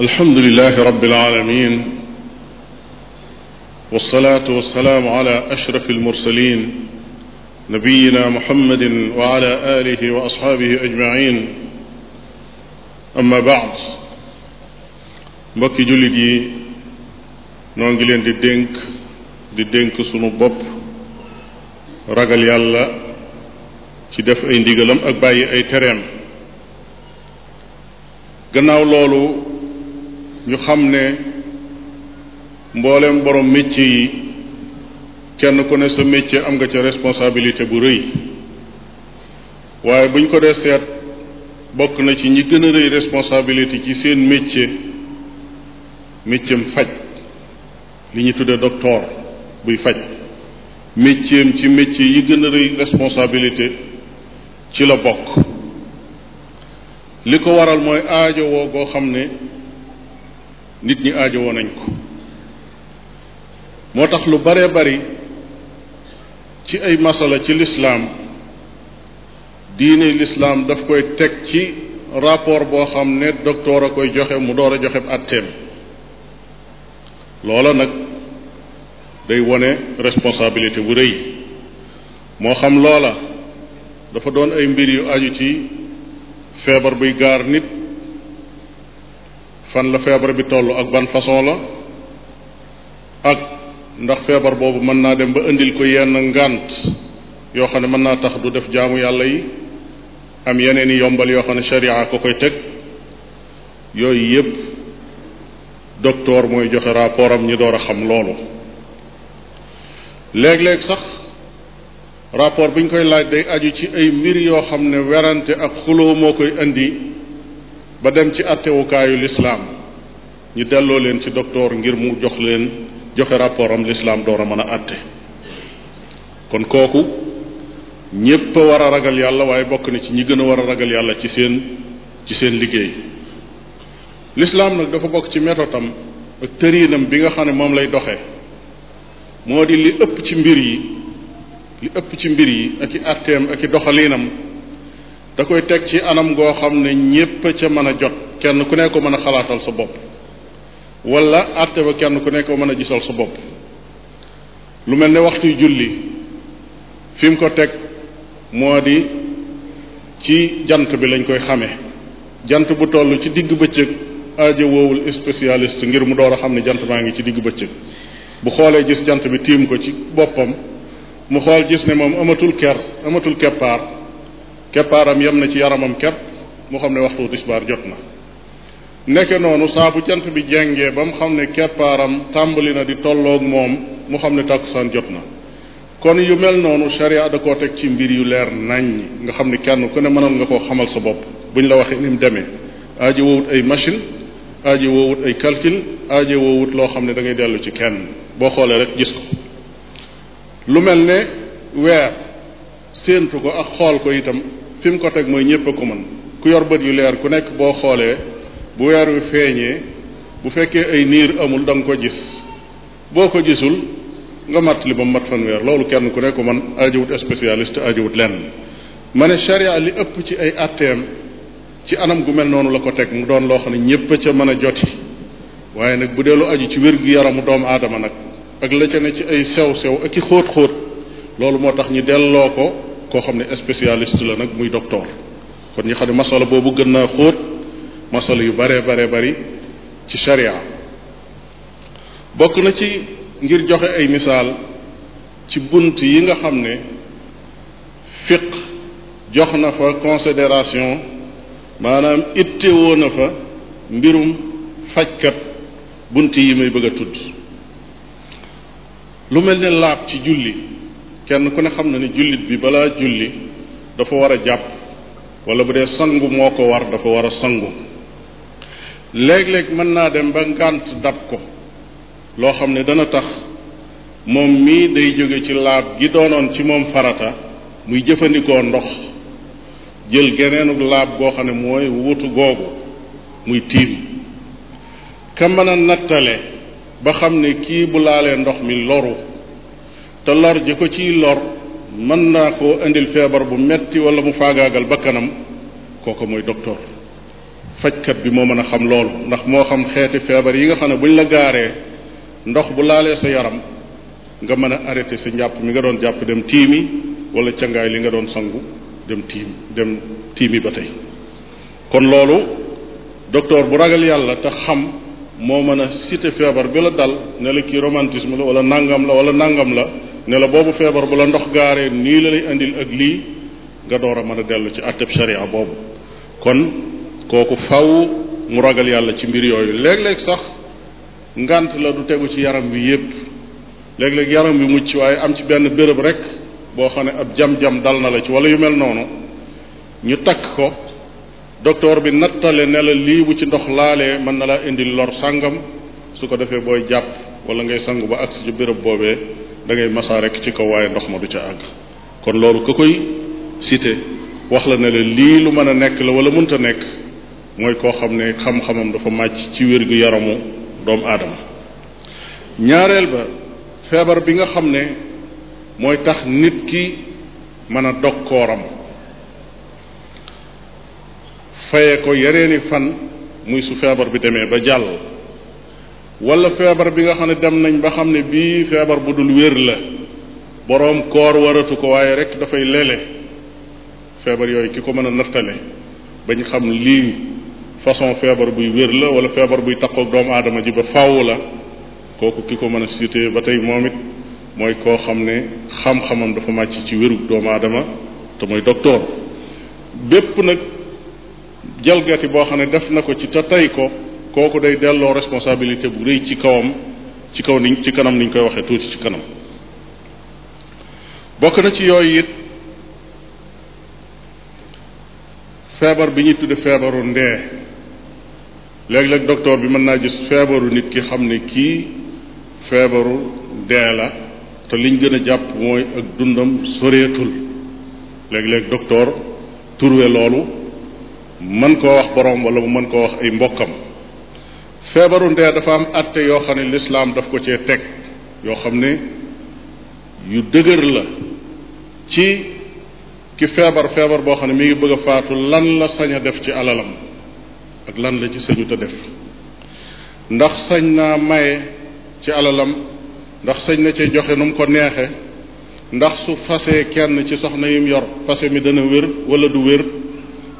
alhamdulilahi rabbil aalamiin wasalaatu wasalaamu ala ashraf almursalin nabiyina muhammadin wa ala aalihi wa asxaabihi ajmaciin amma baad mbokki jullit yi noo ngi leen di dénk di dénk sunu bopp ragal yàlla ci def ay ndigalam ak bàyyi ay tereem gannaaw loolu ñu xam ne mbooleem borom métier yi kenn ku ne sa métier am nga ca responsabilité bu rëy waaye buñ ko dee seet bokk na ci ñi gën a rëy responsabilité ci seen métier métieram faj li ñu tuddee docteur buy faj métieram ci métier yi gën a rëy responsabilité ci la bokk li ko waral mooy aajo woo goo xam ne nit ñi aajowoo nañ ko moo tax lu baree bari ci ay masala ci lislaam diine lislaam daf koy teg ci rapport boo xam ne docteur a koy joxe mu door a joxe atteem loola nag day wone responsabilité bu rëy moo xam loola dafa doon ay mbir yu aju ci feebar buy gaar nit fan la feebar bi toll ak ban façon la ak ndax feebar boobu mën naa dem ba indil ko yenn ngànt yoo xam ne mën naa tax du def jaamu yàlla yi am yeneen i yombal yoo xam ne sharia ko koy teg yooyu yépp docteur mooy joxe rapport am ñu door a xam loolu léeg-léeg sax rapport bi ñu koy laaj day aju ci ay mbir yoo xam ne werante ak xuloo moo koy indi ba dem ci attewukaayu lislaam ñu delloo leen ci docteur ngir mu jox leen joxe rapport am lislaam door a mën a atte kon kooku ñépp war a ragal yàlla waaye bokk na ci ñi gën a war a ragal yàlla ci seen ci seen liggéey lislaam nag dafa bokk ci méthode am ak tëriinam bi nga xam ne moom lay doxe moo di li ëpp ci mbir yi li ëpp ci mbir yi ak i atteem ak i doxaliinam da koy teg ci anam goo xam ne ñépp ca mën a jot kenn ku ne ko mën a xalaatal sa bopp walla àtte ba kenn ku ne ko mën a gisal sa bopp lu mel ne waxtuy julli fi mu ko teg moo di ci jant bi lañ koy xamee jant bu toll ci diggu bëccëg aajo woowul spécialiste ngir mu door a xam ne jant maa ngi ci diggu bëccëg bu xoolee gis jant bi tiim ko ci boppam mu xool jis ne moom amatul ker amatul keppaar keppaaram yem na ci yaramam képp mu xam ne waxtu tisbaar jot na nekke noonu saa bu jant bi jengee ba mu xam ne keppaaram tàmbali na di tollook moom mu xam ne takk tàkkusaan jot na kon yu mel noonu sharia da koo teg ci mbir yu leer naññ nga xam ne kenn ku ne mënoon nga koo xamal sa bopp buñ la waxee ni mu demee aaji woowut ay machine aaji woowut ay calcule aaji woowut loo xam ne da ngay dellu ci kenn boo xoolee rek gis ko lu mel ne weer séentu ko ak xool ko itam fi ko teg mooy ñépp a ko man ku yor bët yu leer ku nekk boo xoolee bu weer wi feeñee bu fekkee ay niir amul da nga ko gis boo ko gisul nga mat li ba mat weer loolu kenn ku nekk man ajowut spécialiste ajowut lenn ma ne charia li ëpp ci ay atteem ci anam gu mel noonu la ko teg mu doon loo xam ne ñépp a ca mën a joti waaye nag bu dee lu aju ci wér-gu-yaramu doomu aadama nag ak la ca ne ci ay sew-sew ak i xóot-xóot loolu moo tax ñu delloo ko koo xam ne spécialiste la nag muy doktoor kon ñu xam ne masala boobu gën naa xóot masala yu baree baree bari ci sharia bokk na ci ngir joxe ay misaal ci bunt yi nga xam ne fiq jox na fa considération maanaam ittewoo na fa mbirum fajkat bunt yi may bëgg a tudd lu mel ne laab ci julli kenn ku ne xam na ne jullit bi balaa julli dafa war a jàpp wala bu dee sangu moo ko war dafa war a sangu léeg-léeg mën naa dem ba ngànt dab ko loo xam ne dana tax moom mii day jóge ci laab gi doonoon ci moom farata muy jëfandikoo ndox jël geneenug laab goo xam ne mooy wutu googu muy tiim ka mën nattale ba xam ne kii bu laalee ndox mi loru te lor ji ko ciy lor mën naa koo indil feebar bu metti wala mu faagaagal bakkanam kooku mooy docteur fajkat bi moo mën a xam loolu ndax moo xam xeeti feebar yi nga xam ne buñ la gaaree ndox bu laalee sa yaram nga mën a arrêté sa njàpp mi nga doon jàpp dem tiimi wala cangaay li nga doon sangu dem tiim dem tiimi ba tey kon loolu docteur bu ragal yàlla te xam moo mën a cité feebar bi la dal ne la kii romantisme la wala nangam la wala nangam la ne la boobu feebar bu la ndox gaaree nii la lay indil ak lii nga door a mën a dellu ci atteb sharia boobu kon kooku faw mu ragal yàlla ci mbir yooyu léeg-léeg sax ngant la du tegu ci yaram wi yépp léeg-léeg yaram wi mucc waaye am ci benn béréb rek boo xam ne ab jam-jam dal na la ci wala yu mel noonu ñu takk ko docteur bi nattale ne la lii bu ci ndox laalee mën na laa indil lor sàngam su ko defee booy jàpp wala ngay sangu ba agsi ci béréb boobee da ngay masaa rek ci kaw waaye ndox ma du ca àgg kon loolu ko koy site wax la ne la lii lu mën a nekk la wala mënta nekk mooy koo xam ne xam-xamam dafa màcc ci wér-gu-yaramu doomu aadama ñaareel ba feebar bi nga xam ne mooy tax nit ki mën a dog kooram faye ko yeneeni fan muy su feebar bi demee ba jàll wala feebar bi nga xam ne dem nañ ba xam ne bii feebar bu dul wér la boroom koor waratu ko waaye rek dafay lele feebar yooyu ki ko mën a nattale bañ xam lii façon feebar buy wér la wala feebar buy taqoog doomu aadama ji ba faaw la kooku ki ko mën a cité ba tey moom it mooy koo xam ne xam-xamam dafa màcc ci wérug doomu aadama te mooy docteur bépp nag jalgati boo xam ne def na ko ci te tey ko kooku day delloo responsabilité bu rëy ci kawam ci kaw niñ ci kanam niñ koy waxee tuuti ci kanam bokk na ci yooyu it feebar bi ñuy tudde feebaru ndee léeg-léeg docteur bi mën naa gis feebaru nit ki xam ne kii feebaru dee la te liñ gën a jàpp mooy ak dundam soreetul léeg-léeg docteur turwe loolu mën koo wax borom wala mu mën koo wax ay mbokkam feebaru ndee dafa am atte yoo xam ne lislaam daf ko cee teg yoo xam ne yu dëgër la ci ki feebar feebar boo xam ne mi ngi bëgg a faatu lan la sañ a def ci alalam ak lan la ci sañut def ndax sañ naa maye ci alalam ndax sañ na cee joxe nu mu ko neexe ndax su fasee kenn ci soxna yim yor fase mi dana wér wala du wér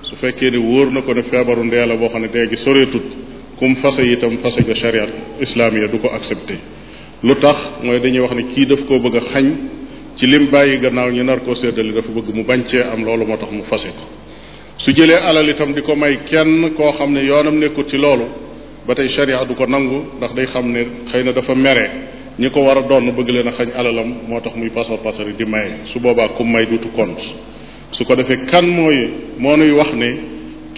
su fekkee ne wóor na ko ne feebaru ndee la boo xam ne dee gi soreetut kum fase itam fase ga chariat islaamiya du ko accepté lu tax mooy dañuy wax ne kii daf koo bëgg a xañ ci lim bàyyi gannaaw ñi nar koo séddale dafa bëgg mu bañ cee am loolu moo tax mu fase ko su jëlee alal itam di ko may kenn koo xam ne yoonam nekkut ci loolu ba tey charia du ko nangu ndax day xam ne xëy na dafa mere ñi ko war a doon bëgg leen a xañ alalam moo tax muy pasar yi di maye su boobaa ku may dutu compte su ko defee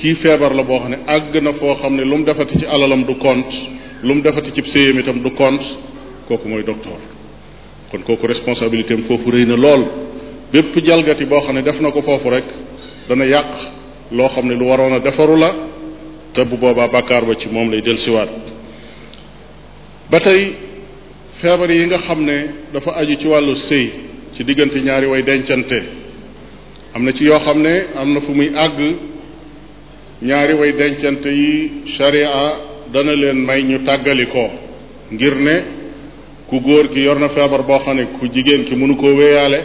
kii feebar la boo xam ne àgg na foo xam ne lu mu defati ci alalam du compte lu mu defati ci séyam itam du compte kooku mooy docteur kon kooku responsabilité am foofu rëy na lool bépp jalgati boo xam ne def na ko foofu rek dana yàq loo xam ne lu waroon a defaru la te bu boobaa bàkkaar ba ci moom lay dellusiwaat ba tey feebar yi nga xam ne dafa aju ci wàllu sëy ci diggante ñaari woy dencante am na ci yoo xam ne am na fu muy àgg ñaari way dencante yi sharia dana leen may ñu tàggali ko ngir ne ku góor ki yor na feebar boo xam ne ku jigéen ki mënu koo wéyaale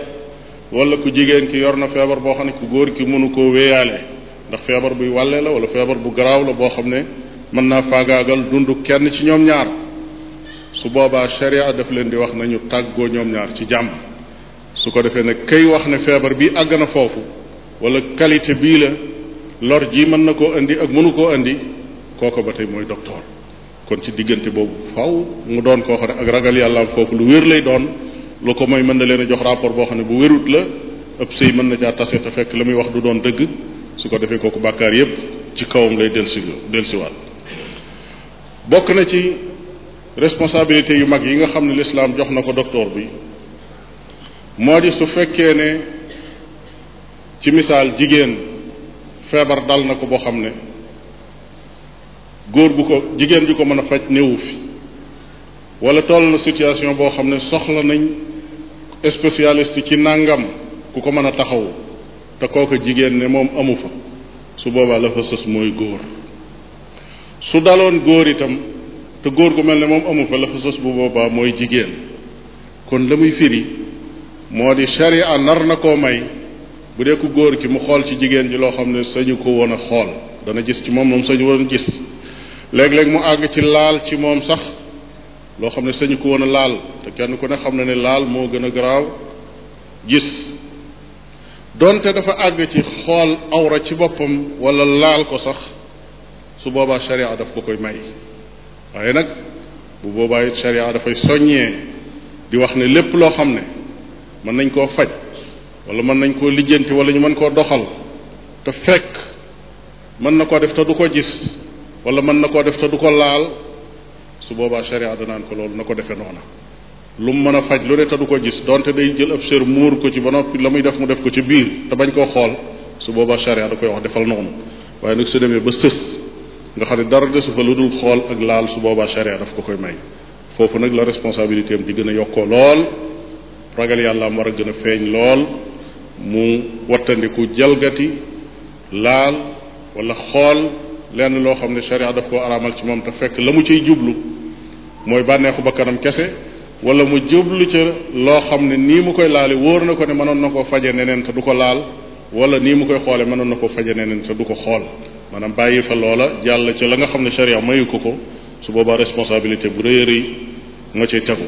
wala ku jigéen ki yor na feebar boo xam ne ku góor ki mënu koo wéyaale ndax feebar buy wàlle la wala feebar bu garaaw la boo xam ne mën naa faagaagal dundu kenn ci ñoom ñaar su boobaa sharia daf leen di wax nañu tàggoo ñoom ñaar ci jàmm su ko defee ne kay wax ne feebar bi àgg na foofu wala qualité bii la lor ji mën na koo indi ak mënu koo indi kooko ba tey mooy docteur kon ci diggante boobu faw mu doon koo xam ne ak ragal yàllaam foofu lu wér lay doon lu ko mooy mën na leen a jox rapport boo xam ne bu wérut la ëpp sëy mën na caa tase te fekk la muy wax du doon dëgg su ko defee kooku bàkkaar yépp ci kawam lay delsi delsiwaat bokk na ci responsabilité yu mag yi nga xam ne lislaam jox na ko docteur bi moo di su fekkee ne ci misaal jigéen feebar dal na ko boo xam ne góor gu ko jigéen ju ko mën a faj néewu fi wala toll na situation boo xam ne soxla nañ spécialiste ci nàngam ku ko mën a taxawu te kooku jigéen ne moom amu fa su boobaa la fa sës mooy góor su daloon góor itam te góor gu mel ne moom amu fa la fa sës bu boobaa mooy jigéen kon la muy firi moo di sharia nar na koo may bu dee ku góor ci mu xool ci jigéen ji loo xam ne sañu ko woon a xool dana gis ci moom moom sañu woon gis léeg-léeg mu àgg ci laal ci moom sax loo xam ne sañu ko woon a laal te kenn ku ne xam na ne laal moo gën a garaaw gis donte dafa àgg ci xool awra ci boppam wala laal ko sax su boobaa sharia daf ko koy may waaye nag bu boobaa it dafay soññee di wax ne lépp loo xam ne mën nañ koo faj wala mën nañ koo lijjanti wala ñu mën koo doxal te fekk mën na koo def te du ko gis wala mën na koo def te du ko laal su boobaa sharia danaan ko loolu na ko defee noona lu mu mën a faj lu ne te gis donte day jël ab sér muur ko ci ba noppi la muy def mu def ko ci biir bañ koo xool su boobaa sharia da koy wax defal noonu waaye nag su demee ba nga xam ne dara desu fa lu dul xool laal su boobaa sharia daf ko koy may foofu nag la responsabilité am di gën a yokkoo lool ragal yàlla am war a gën a feeñ lool mu wattandiku jalgati laal wala xool lenn loo xam ne sharia daf koo araamal ci moom te fekk la mu ciy jublu mooy bànneexu kanam kese wala mu jublu ca loo xam ne nii mu koy laale wóor na ko ne mënoon na koo faje neneen te du ko laal wala nii mu koy xoole mënoon na koo faje neneen te du ko xool maanaam bàyyi fa loola jàll ca la nga xam ne sharia mayu ko ko su boobaa responsabilité bu rëy a rëy moo cay tegu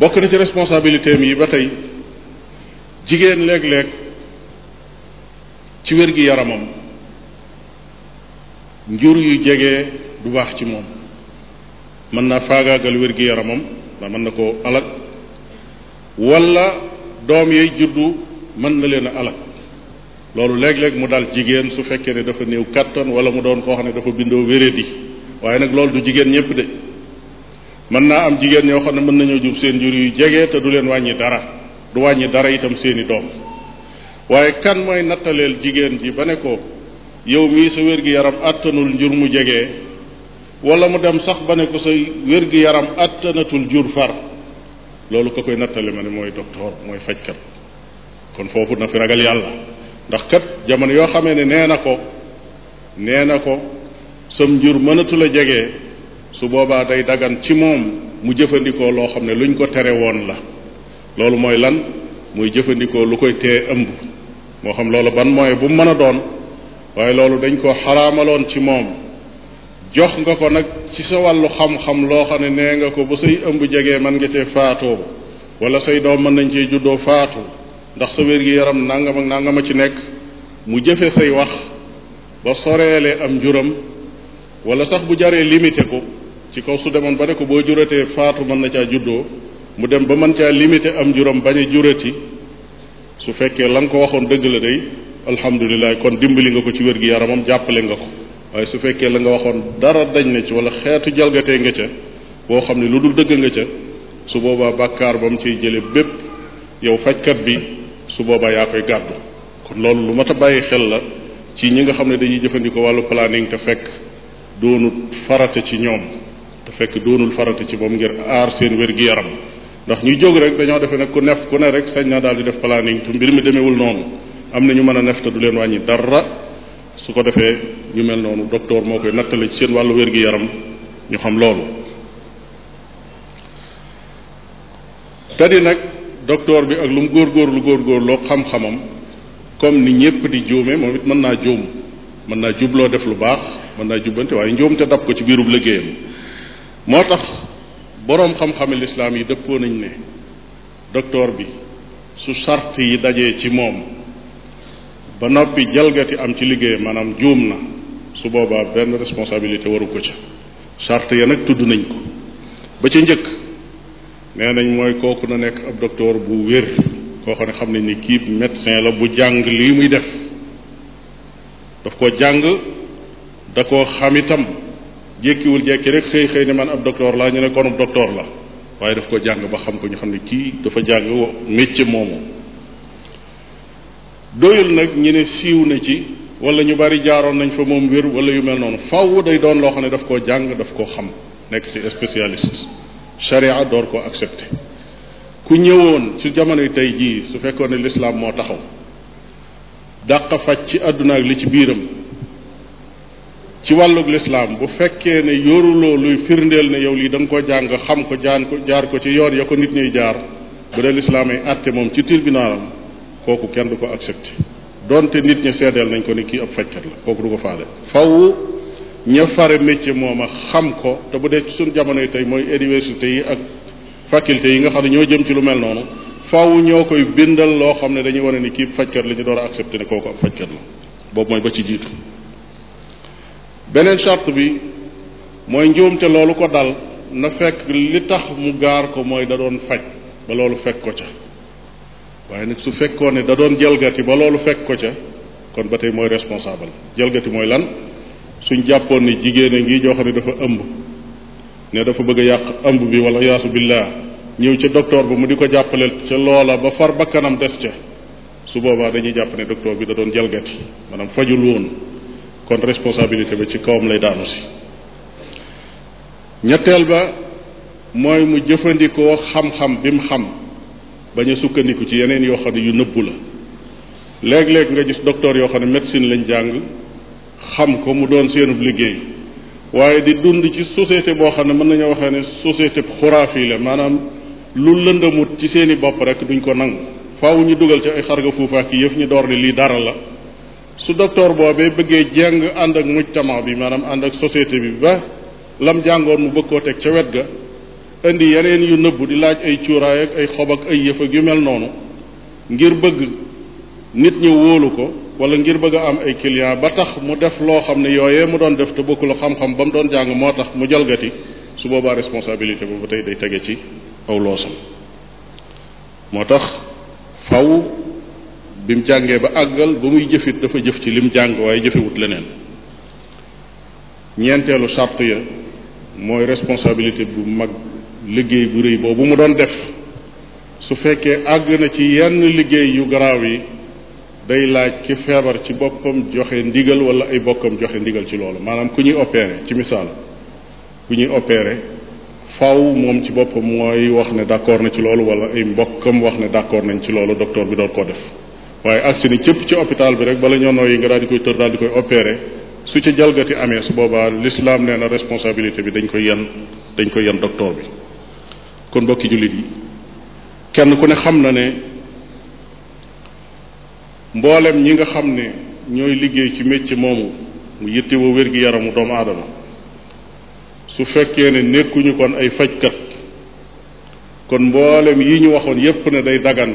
bokk na ci responsabilité yi ba tey jigéen léeg-léeg ci wér gi yaramam njur yu jege du baax ci moom mën naa faagaagal wér gi yaramam ndax mën na koo alag wala doom yeey juddu mën na leen a alag loolu léeg-léeg mu dal jigéen su fekkee ne dafa néew kàttan wala mu doon koo xam ne dafa bindoo wéredi waaye nag loolu du jigéen ñépp de mën naa am jigéen ñoo xam ne mën nañoo jur seen njur yu jege te du leen wàññi dara du wàññi dara itam seeni doom waaye kan mooy nattaleel jigéen ji ba ne ko yow mii sa wér-gi-yaram àttanul njur mu jege wala mu dem sax ba ne ko sa wér-gi-yaram àttanatul jur far loolu ko koy nattale ma ne mooy docteur mooy fajkat kon foofu na fi ragal yàlla ndax kat jamono yoo xamee ne nee na ko nee na ko sam njur mënatul a jege su boobaa day dagan ci moom mu jëfandikoo loo xam ne luñ ko tere woon la loolu mooy lan muy jëfandikoo lu koy tee ëmb moo xam loolu ban mooy bu mu mën a doon waaye loolu dañ ko xaraamaloon ci moom jox nga ko nag ci sa wàllu xam-xam loo xam ne nee nga ko ba say ëmb jegee mën nga cee faatoo wala say doom mën nañ cee juddoo faatu ndax sa wér-gi-yaram nangam ak nangam a ci nekk mu jëfe say wax ba soreelee am juram wala sax bu jaree limité ko ci kaw su demoon ba ne ko boo juratee faatu mën na caa juddoo mu dem ba mën caa limité am juróom bañ a jurati su fekkee la nga ko waxoon dëgg la day alhamdulilah kon dimbali nga ko ci wér gi yaramam jàppale nga ko waaye su fekkee la nga waxoon dara dañ na ci wala xeetu jalgatee nga ca boo xam ne lu dul dëgg nga ca su boobaa bàkkaar ba mu ciy jële bépp yow fajkat bi su boobaa yaa koy gàddu kon loolu lu mat a bàyyi xel la ci ñi nga xam ne dañuy jëfandikoo wàllu planning te fekk doonul farata ci ñoom te fekk doonul ci moom ngir aar wér gi yaram ndax ñu jóg rek dañoo defee nag ku nef ku ne rek sañ naa daal di def planning tu mbir mi demewul noonu am na ñu mën a nef te du leen wàññi dara su ko defee ñu mel noonu docteur moo koy nattale ci seen wàllu wér-gi-yaram ñu xam loolu te nag docteur bi ak lu mu góor góorgóorloo xam-xamam comme ni ñépp di juume moom it mën naa juum mën naa jubloo def lu baax mën naa jubbante waaye njuum te dab ko ci biirub liggéeyam moo tax boroom xam-xame lislaam yi dëppoo nañ ne docteur bi su sart yi dajee ci moom ba noppi jalgati am ci liggéey maanaam juum na su boobaa benn responsabilité waru ko ca sart ya nag tudd nañ ko ba ci njëkk nee nañ mooy kooku na nekk ab docteur bu wér koo xam ne xam nañ ni kii médecin la bu jàng lii muy def daf ko jàng da koo xam itam jékkiwul jekki rek xëy xëy ne man ab docteur laa ñu ne konub docteur la waaye daf ko jàng ba xam ko ñu xam ne kii dafa jàng métier moomu doyul nag ñu ne siiw na ci wala ñu bari jaaroon nañ fa moom wér wala yu mel noonu faww day doon loo xam ne daf koo jàng daf koo xam nekk ci spécialiste charia door koo accepté ku ñëwoon ci jamonoy tey jii su fekkoon ne lislaam moo taxaw dàq faj ci àdduna ak li ci biiram ci wàllug lislaam bu fekkee ne yoruloo luy firndeel ne yow lii da nga ko jàng xam ko jaan ko jaar ko ci yoon ya ko nit ñuy jaar bu dee lislaam ay àtte moom ci tribunalam kooku kenn du ko accepté donte nit ñi seedeel nañ ko ni kii ab fajkat la kooku du ko faale faw ña fare métier moom a xam ko te bu dee ci jamono yi tey mooy université yi ak faculté yi nga xam ne ñoo jëm ci lu mel noonu faw ñoo koy bindal loo xam ne dañuy wane ni kii fajkat la ñu door a accepté ne kooku ab fajkat la boobu mooy ba ci jiitu beneen charte bi mooy njuumte loolu ko dal na fekk li tax mu gaar ko mooy da doon faj ba loolu fekk ko ca waaye nag su fekkoon ne da doon jalgati ba loolu fekk ko ca kon ba tey mooy responsable jalgati mooy lan suñ jàppoon ne jigéen a ngi joo yi dafa ëmb ne dafa bëgg a yàq ëmb bi walla yaasu billah ñëw ca docteur ba mu di ko jàppale ca loola ba far bakkanam des ca su boobaa dañuy jàpp ne docteur bi da doon jalgati maanaam fajul woon kon responsabilité bi ci kawam lay daanu si ñetteel ba mooy mu jëfandikoo xam-xam bi mu xam bañ a sukkandiku ci yeneen yoo xam ne yu nëbbu la léeg-léeg nga gis docteur yoo xam ne médecine lañ jàng xam ko mu doon seenub liggéey waaye di dund ci société boo xam ne mën nañoo waxee ne société xuraaf yi la maanaam lu lëndamut ci seeni bopp rek duñ ko nangu faaw ñu dugal ci ay xarga fuufa ak yëf ñu door ne lii dara la su docteur boobee bëggee jàng ànd ak mujtama bi maanaam ànd ak société bi ba lam jàngoon mu bëgg koo teg ca wet ga indi yeneen yu nëbbu di laaj ay cuuraay ak ay xob ak ay yëf yu mel noonu ngir bëgg nit ñi wóolu ko wala ngir bëgg a am ay client ba tax mu def loo xam ne yooye mu doon def te bokkul xam-xam ba mu doon jàng moo tax mu jalgati su boobaa responsabilité boobu tey day tege ci aw loosam moo tax faw bi mu jàngee ba àggal ba muy jëfit dafa jëf ci li mu jàng waaye jëfewut leneen ñeenteelu sàrt ya mooy responsabilité bu mag liggéey bu rëy boobu mu doon def su fekkee àgg na ci yenn liggéey yu garaaw yi day laaj ki feebar ci boppam joxe ndigal wala ay bokkam joxe ndigal ci loolu maanaam ku ñuy opéré ci misaal ku ñuy opéré faw moom ci boppam mooy wax ne d'accord na ci loolu wala ay mbokkam wax ne d'accord nañ ci loolu docteur bi doon koo def waaye agsi ni cëpp ci hôpital bi rek bala ñoo nooyi nga daal di koy tër daal di koy opéré su ci jalgati amee su boobaa l'islam nee na responsabilité bi dañ koy yenn dañ koy yan docteur bi kon mbokki jullit yi kenn ku ne xam na ne mbooleem ñi nga xam ne ñooy liggéey ci métier moomu mu yittewoo wér gi yaramu doomu aadama su fekkee ne nekkuñu kon ay fajkat kon mboolem yi ñu waxoon yépp ne day daggan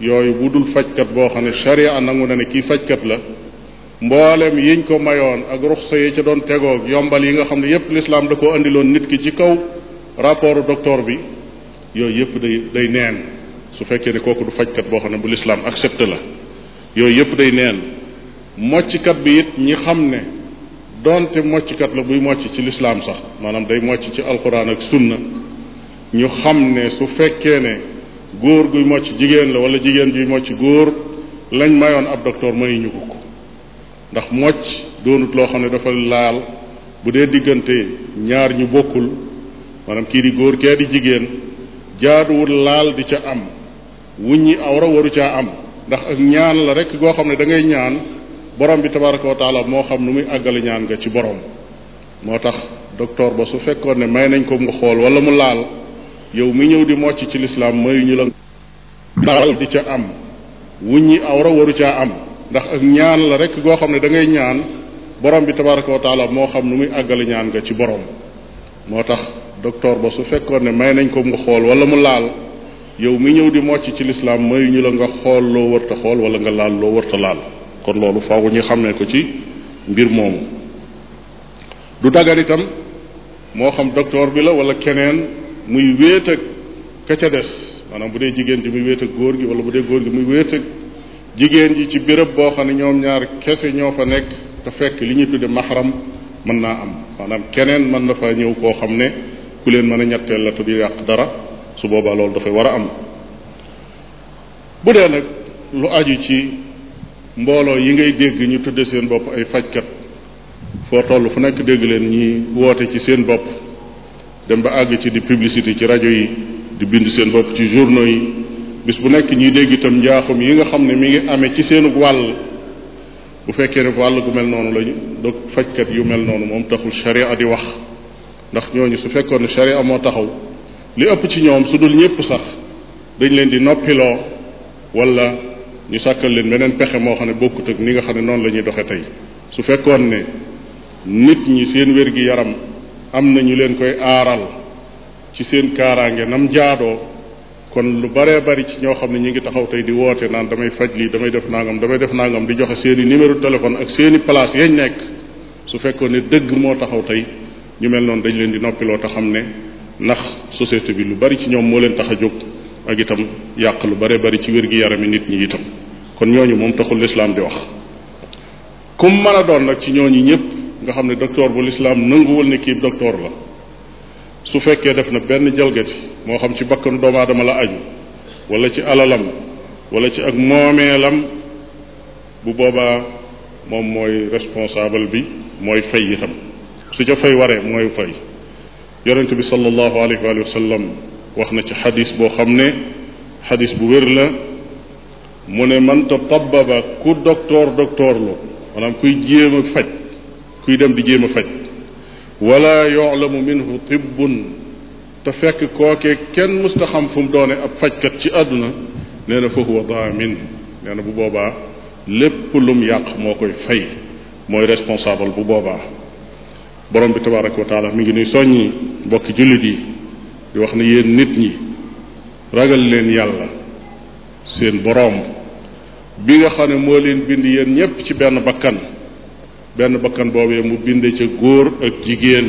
yooyu bu dul fajkat boo xam ne sharia nangu na ne kii fajkat la mboolem yiñ ko mayoon ak ruxsa yi ca doon tegoog yombal yi nga xam ne yépp lislaam da koo indiloon nit ki ci kaw rapport docteur bi yooyu yépp day day neen su fekkee ne kooku du fajkat boo xam ne bu lislaam accepté la yooyu yépp day neen mocckat bi it ñi xam ne doonte mocckat la buy mocc ci lislaam sax maanaam day mocc ci alquran ak sunna ñu xam ne su fekkee ne góor guy mocc jigéen la wala jigéen juy mocc góor lañ mayoon ab docteur mayuñu ko ko ndax mocc doonut loo xam ne dafa laal bu dee diggante ñaar ñu bokkul maanaam kii di góor kee di jigéen jaaduwul laal di ca am wuññi awra waru caa am ndax ak ñaan la rek goo xam ne dangay ñaan borom bi tabaraka wa taala moo xam nu muy àggale ñaan nga ci borom moo tax docteur ba su fekkoon ne may nañ ko mu xool wala mu laal yow mi ñëw di mocc ci lislaam mayu ñu la di ca am wuññi awra waru caa am ndax ak ñaan la rek goo xam ne da ñaan borom bi tabaraka wa taala moo xam nu muy àggale ñaan ci borom moo tax docteur ba su fekkoon ne may nañ ko mu xool wala mu laal yow mi ñëw di mocc ci lislaam mayu ñu la nga xool loo wërta xool wala nga laal loo wërta laal kon loolu faaw ñu xam ne ko ci mbir moomu du dagan itam moo xam docteur bi la wala keneen muy wéet ka ca des maanaam bu dee jigéen ji muy wéet góor gi wala bu dee góor gi muy wéet jigéen ji ci béréb boo xam ne ñoom ñaar kese ñoo fa nekk te fekk li ñuy tudde maxaram mën naa am maanaam keneen mën na fa ñëw koo xam ne ku leen mën a ñetteel la te du yàq dara su boobaa loolu dafay war a am bu dee nag lu aju ci mbooloo yi ngay dégg ñu tudde seen bopp ay fajkat foo toll fu nekk dégg leen ñuy woote ci seen bopp dem ba àgg ci di publicité ci rajo yi di bind seen bopp ci journaux yi bis bu nekk ñuy dégg itam njaaxum yi nga xam ne mi ngi amee ci seenu wàll bu fekkee ne wàll gu mel noonu lañu doog fajkat yu mel noonu moom taxul sharia di wax ndax ñooñu su fekkoon ne sharia moo taxaw li ëpp ci ñoom su dul ñëpp sax dañ leen di noppiloo wala ñu sàkkal leen beneen pexe moo xam ne bokkut ak ni nga xam ne noonu la ñuy doxe tey su fekkoon ne nit ñi seen wér gi yaram am na ñu leen koy aaral ci seen kaaraange nam jaadoo kon lu baree bari ci ñoo xam ne ñu ngi taxaw tey di woote naan damay faj lii damay def nangam damay def nangam di joxe seeni i numéro téléphone ak seen i place yañ nekk su fekkoon ne dëgg moo taxaw tey ñu mel noonu dañ leen di noppiloo te xam ne ndax société bi lu bari ci ñoom moo leen tax a jóg ak itam yàq lu baree bari ci wér-gi-yarami nit ñi itam kon ñooñu moom taxul lislaam di wax kum mën a doon ñëpp nga xam ne docteur bu lislaam nanguwul ne kii docteur la su fekkee def na benn jalgati moo xam ci bakkanu doomu dama la aju wala ci alalam walla ci ak moomeelam bu boobaa moom mooy responsable bi mooy fay yitam su ca fay waree mooy fay yonent bi sallallahu alayhi wa sallam wax na ci xadis boo xam ne xadis bu wér la mu ne man ta tababa ku docteur docteur lu kuy jéem faj kuy dem di jéem a faj wala yulamu minhu tibbun te fekk kookee kenn musta xam fu mu doone ab fajkat ci àdduna nee na fa huwa daamin nee na bu boobaa lépp lum yàq moo koy fay mooy responsable bu boobaa borom bi tabaraka wa taala mi ngi nuy soññi mbokki jullit yi di wax ne yéen nit ñi ragal leen yàlla seen boroom bi nga xam ne moo leen bind yéen ñépp ci benn bakkan benn bakkan boobee mu binde ca góor ak jigéen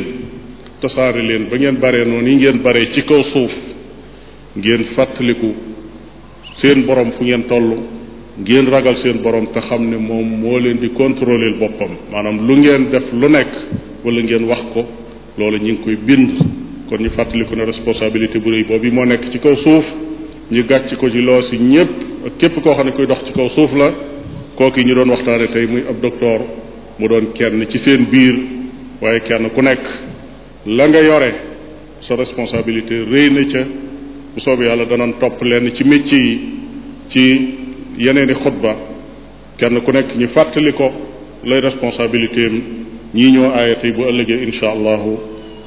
tasaare leen ba ngeen bare noonu yi ngeen bare ci kaw suuf ngeen fàttaliku seen borom fu ngeen toll ngeen ragal seen borom te xam ne moom moo leen di contrôler boppam maanaam lu ngeen def lu nekk wala ngeen wax ko loolu ñu ngi koy bind kon ñu fàttaliku ne responsabilité bu rëy boobu moo nekk ci kaw suuf ñu gàcc ko ci loo si ñépp képp koo xam ne kuy dox ci kaw suuf la kooku yi ñu doon waxtaane tey muy ab docteur mu doon kenn ci seen biir waaye kenn ku nekk la nga yore sa responsabilité rëy na ca bu soobee yàlla danañ topp lenn ci métier yi ci yeneeni xutba kenn ku nekk ñu fàttali ko lay responsabilité bi ñii ñoo aayati bu ëllëgee insha doon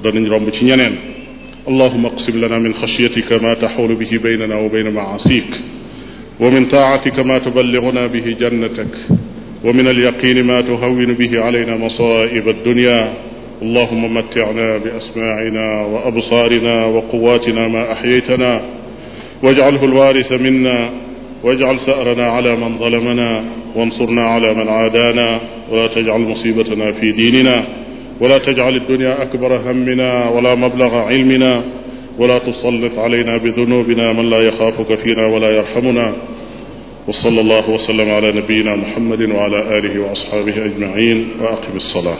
danañ romb ci ñeneen allahuma aqsim lana min xashyatika ma taxawlu bihi baynana wa bayna maasik wa min taatika ma tuballiguna bihi jannatak wa min alyaqini ma tuhawinu bihi alayna masaiba addunya allahuma matticna bi asmaacina wa absaarina wa quwaatina ma axyaytana wajcalhu alwaarisa minna wajcal saarana ala man zalamana wansurna ala man aadaana wala tajcal musibatana fi diinina wala tajcal addunya akbara hammina wala mablaga cilmina wala tusallit alayna bidunubina man la yaxaafuka fiina wala yarxamuna wa sallallahu wa sallam ala nabiyina muhammadin wa ala alihi wa ashabihi ajmain wa aqimi salaa